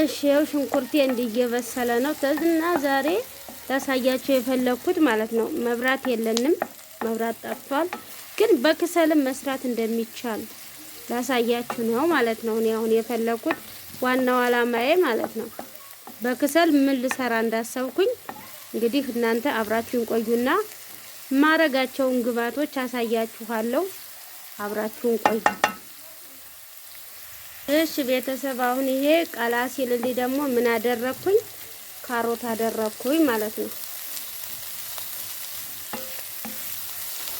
እሺ ያው ሽንኩርቴ እንዲየበሰለ ነው እና ዛሬ ላሳያቸው የፈለኩት ማለት ነው። መብራት የለንም፣ መብራት ጠፍቷል። ግን በክሰልም መስራት እንደሚቻል ላሳያችሁ ነው ማለት ነው። እኔ አሁን የፈለኩት ዋናው አላማዬ ማለት ነው በክሰል ምን ልሰራ እንዳሰብኩኝ እንግዲህ እናንተ አብራችሁን ቆዩና ማረጋቸውን ግብአቶች አሳያችኋለሁ። አብራችሁን ቆዩ። እሺ ቤተሰብ አሁን ይሄ ቀላ ሲልልኝ ደግሞ ምን አደረኩኝ? ካሮት አደረኩኝ ማለት ነው።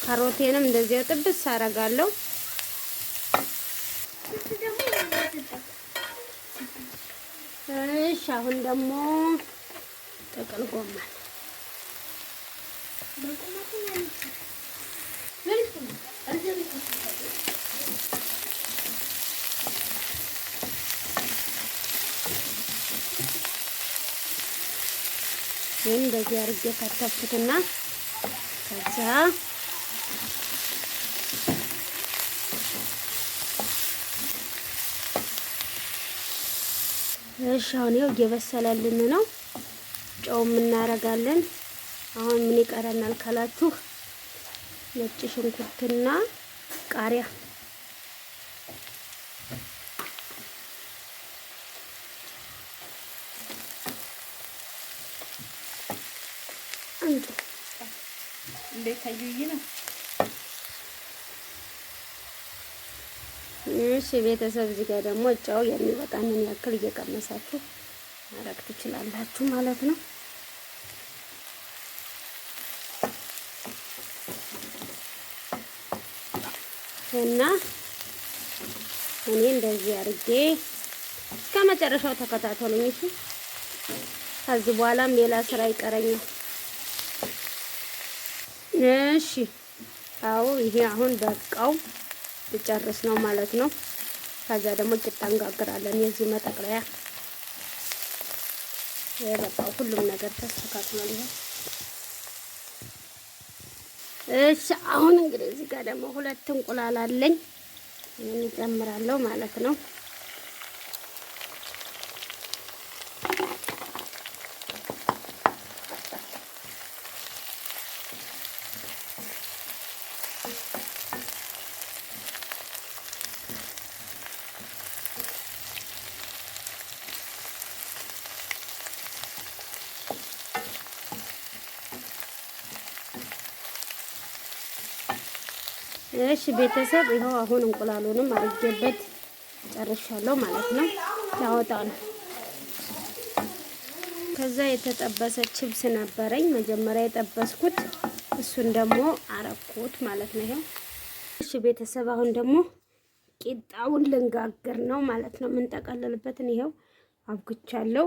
ካሮቴንም እንደዚህ ጥብስ አደርጋለሁ። እሺ አሁን ደግሞ ጥቅል ጎመን ይህን በዚህ አድርጌ ከተፍኩትና ከዛ እሺ አሁን ይኸው እየበሰለልን ነው። ጨውም እናረጋለን። አሁን ምን ይቀረናል ካላችሁ ነጭ ሽንኩርትና ቃሪያ አንዱ እንዴት ታዩይ ነው። እሺ ቤተሰብ፣ እዚህ ጋር ደግሞ ጨው የሚበቃንን ያክል እየቀመሳችሁ ማድረግ ትችላላችሁ ማለት ነው። እና እኔ እንደዚህ አድርጌ ከመጨረሻው ተከታተሉኝ። እሺ ከዚህ በኋላም ሌላ ስራ ይቀረኛል። እሺ አዎ ይሄ አሁን በቃው ልጨርስ ነው ማለት ነው። ከዛ ደግሞ ቂጣ እንጋግራለን። የዚህ መጠቅለያ በቃው ሁሉም ነገር ተስተካክሏል። እሺ አሁን እንግዲህ እዚህ ጋር ደግሞ ሁለት እንቁላል አለኝ ይሄን ማለት ነው። እሺ ቤተሰብ ይኸው አሁን እንቁላሉንም አድርጌበት ጨርሻለሁ ማለት ነው። ያወጣ ነው። ከዛ የተጠበሰ ችብስ ነበረኝ መጀመሪያ የጠበስኩት እሱን ደግሞ አረኩት ማለት ነው። ይኸው እሺ ቤተሰብ አሁን ደግሞ ቂጣውን ልንጋግር ነው ማለት ነው። የምንጠቀልልበትን ይኸው አብኩቻለሁ።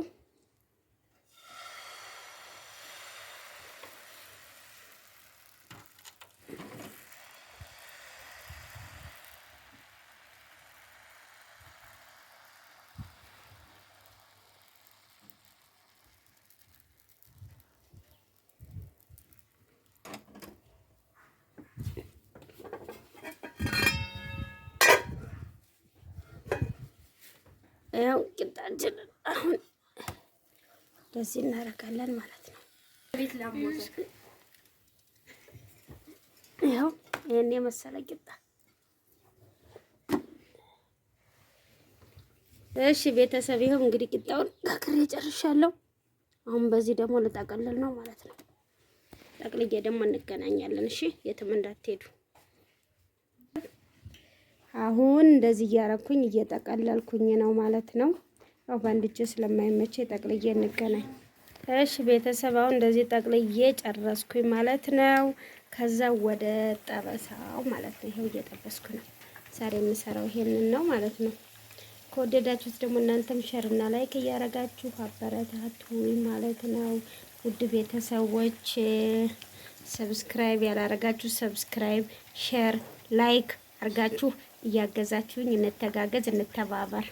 ያው ቂጣችንን አሁን እንደዚህ እናደርጋለን ማለት ነው። ያው ይህን የመሰለ ቂጣ እሺ ቤተሰብ ይኸው እንግዲህ ቂጣውን ጋግሬ ጨርሻለሁ። አሁን በዚህ ደግሞ ልጠቀልል ነው ማለት ነው። ጠቅልዬ ደግሞ እንገናኛለን። እሺ የትም እንዳትሄዱ። አሁን እንደዚህ እያረኩኝ እየጠቀለልኩኝ ነው ማለት ነው። ያው በአንድ እጅ ስለማይመቼ ጠቅልዬ እንገናኝ። እሺ ቤተሰብ አሁን እንደዚህ ጠቅልዬ ጨረስኩኝ ማለት ነው። ከዛ ወደ ጠበሳው ማለት ነው። ይሄው እየጠበስኩ ነው። ዛሬ የምሰራው ይሄንን ነው ማለት ነው። ከወደዳችሁት ደግሞ እናንተም ሸርና ላይክ እያረጋችሁ አበረታቱ ማለት ነው። ውድ ቤተሰቦች ሰብስክራይብ ያላረጋችሁ ሰብስክራይብ፣ ሼር፣ ላይክ አርጋችሁ እያገዛችሁኝ እንተጋገዝ፣ እንተባበር።